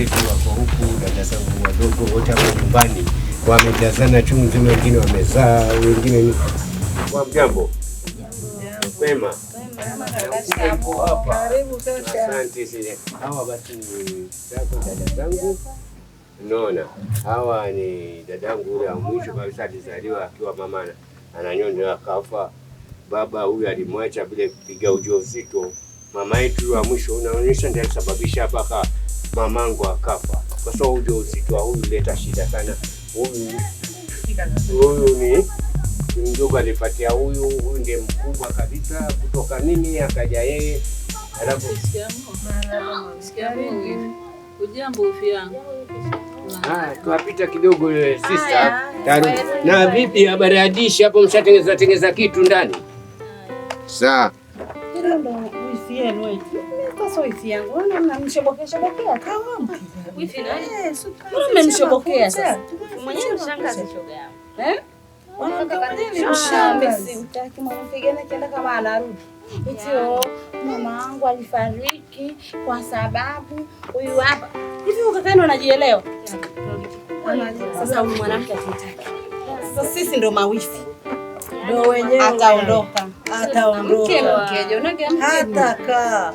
wenzetu wako huku, dada zangu wadogo wote hapo nyumbani wamejazana chungu nzima, wengine wamezaa, wengine ni mjambo mema. Asante hawa basi ni zako dada zangu. Unaona, hawa ni dadangu ule wa mwisho kabisa, alizaliwa akiwa mama ananyonya akafa. Baba huyu alimwacha bila kupiga ujauzito. Mama yetu wa mwisho unaonyesha ndiye alisababisha mpaka mamangu akafa. Kwa sababu ujua uzito wa huyu leta shida sana. Huyu ni mdogo alipatia huyu, huyu ndiye mkubwa kabisa, kutoka nini akaja yeye, alafu ah, twapita kidogo sister. Na vipi habari ya dishi hapo, mshatengeza tengeza kitu ndani? Sawa soisi yangu mnamshobokeshobokea mmemshobokea eh, sasa eh? ah, oh, mama wangu alifariki kwa sababu huyu hapa hivi. Ukakani wanajielewa sasa? Huyu mwanamke aitaki sasa, sisi ndo mawifi ndo wenyewe. Ataondoka, ataondoka hata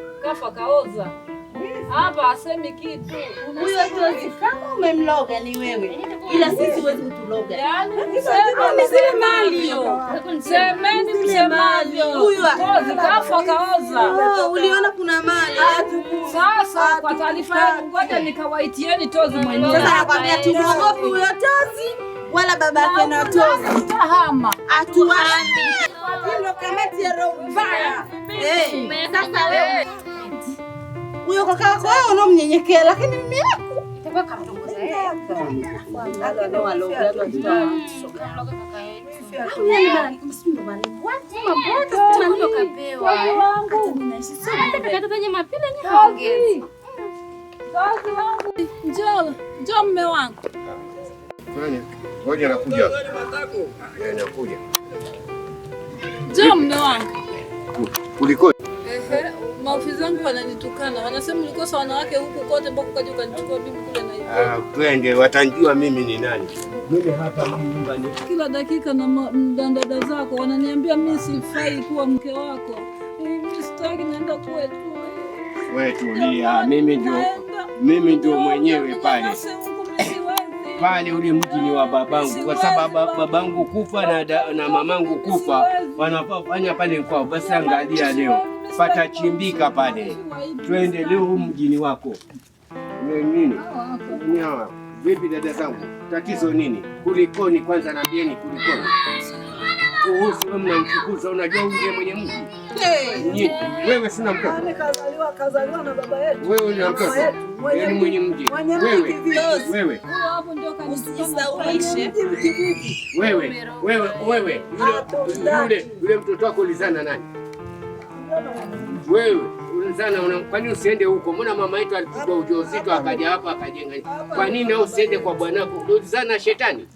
kafa kaoza hapa, asemi kitu huyo. Hatuwezi, kama umemloga ni wewe, ila sisi huwezi kutuloga. Yaani, Semeni Huyo huyu kafa kaoza. Oh, uliona kuna mali ah, sasa. Kwa taarifa yangu, ngoja nikawaitieni tozi mwenyewe. Sasa nakwambia, tumuogopi huyo tozi wala baba yake na tozi atuwani ndio kamati ya roho mbaya. Sasa wewe huyo kaka yako wewe unamnyenyekea, lakini mimi yako itakuwa Njoo, njoo mme wangu Ngoja nakuja. Eh, nakuja. mume wangu. Kuliko? Ehe, maofisa wananitukana. Wanasema ulikosa wanawake huku kote mpaka ukaja ukanichukua kule na hiyo. Ah, twende watanjua mimi ni nani. Mimi hapa nyumbani. Kila dakika na mdandada zako wananiambia mimi sifai kuwa mke wako. Eh, mimi sitaki naenda kwetu. Wewe tulia, yaani, mimi ndio mimi ndio mwenyewe pale pale, ule mji ni wa babangu, kwa sababu babangu kufa na, da, na mamangu kufa, wanafanya pale kwao. Basi angalia leo patachimbika pale, twende leo mjini wako nini? Vipi dada zangu, tatizo nini? Kulikoni? Kwanza nambieni kulikoni. Usiwe mnamchukuza, unajua uje mwenye mtu. Wewe sina mtoto. Amekazaliwa yaani kazaliwa na baba yetu. Wewe ni mtoto. Wewe yaani mwenye mji. Wewe. Wewe. Hapo ndio kanisisawishe. Wewe. Wewe wewe. Yule yule mtoto wako ulizana nani? Wewe sana, kwani usiende huko? Mbona mama yetu alipigwa ujauzito akaja hapa akajenga. Kwa nini au usiende kwa bwanako? Ulizana shetani,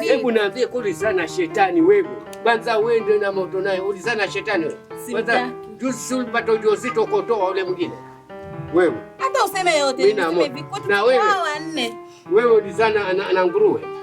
hebu naambie, kulizana shetani wewe kwanza, uende na moto naye. Ulizana shetani wewe kwanza, juzi ulipata ujauzito ukotoa ule mwingine wewe, hata useme yote na wewe, wewe ulizana na nguruwe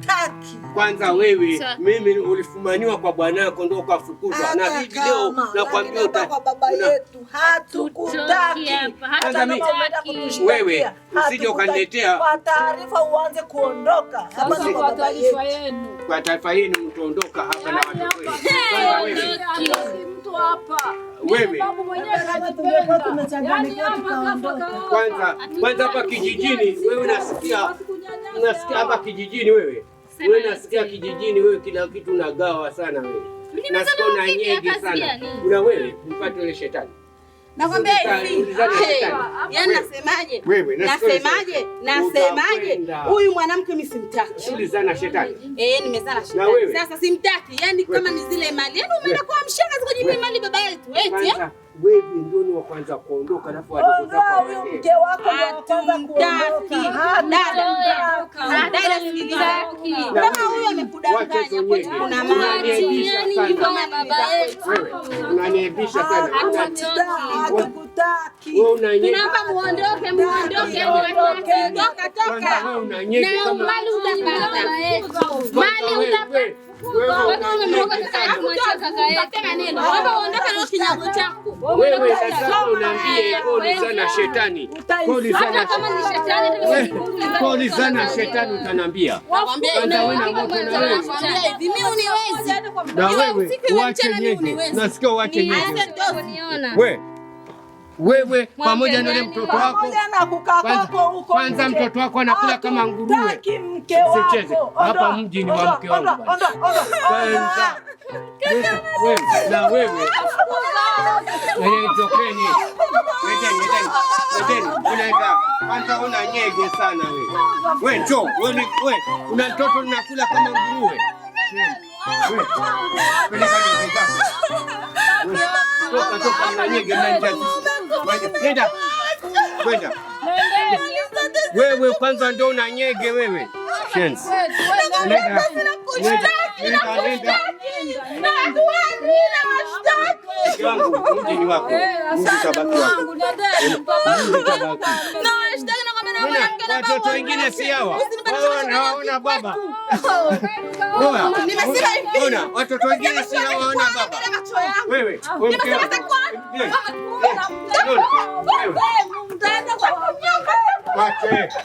Sitaki. Kwanza wewe mimi ulifumaniwa kwa bwanako ndio ukafukuzwa, na bibi leo nakwambia kwa baba yetu hatukutaki. Kwanza mimi wewe usije ukaniletea kwa taarifa uanze kuondoka kama kwa taarifa yenu, kwa taarifa yenu mtaondoka hapa na yaani watu wewe wewe yaani yaani kwanza kwanza hapa kijijini wewe unasikia unasikia hapa kijijini wewe wewe nasikia kijijini, wewe kila kitu unagawa sana wewe. Nasikia na nyingi sana. Una wewe mpate ile shetani. Nakwambia hivi. Yaani nasemaje? Nasemaje? Nasemaje? Huyu mwanamke mimi simtaki. shetani. Eh, shetani. Sasa simtaki. Yaani kama ni zile mali. Yaani umeenda kwa mali baba yetu. Eti eh? Wewe ndio ni wa kwanza kuondoka alafu kwa oh, wewe kama huyu amekudanganya kwetu kuna maji, yaani tunampa muondoke, muondoke wewe sasa sana shetani, pole eh, na wewe uache nyege, nasikia uache nyege wewe pamoja na yule mtoto wako kwanza, mtoto wako anakula kama nguruwe. Sicheze hapa, mji ni wa mke wangu na wewe tokeni. Kwanza una nyege sana wewe, wewe, una mtoto unakula kama nguruwe. Toka toka, una nyege na njaa Nenda. Kwenda. Wewe kwanza ndio unanyege wewe. watoto wengine si hawa Oh, watoto wengine siwaona baba. Wewe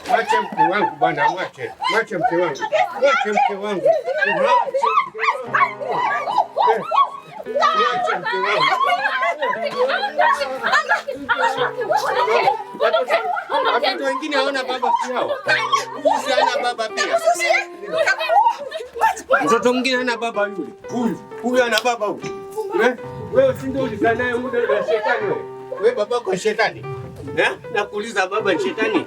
mwache mke wangu bwana, mwache mwache mke wangu, mwache mke wangu, mwache mke wangu. Watoto wengine hawana baba yao. hana baba pia. Mtoto mwingine hana baba yule. Huyu, huyu ana baba huyu. Eh? Wewe si ndio ulizaa naye muda wa shetani wewe? Wewe babako shetani. Eh? Nakuuliza baba shetani?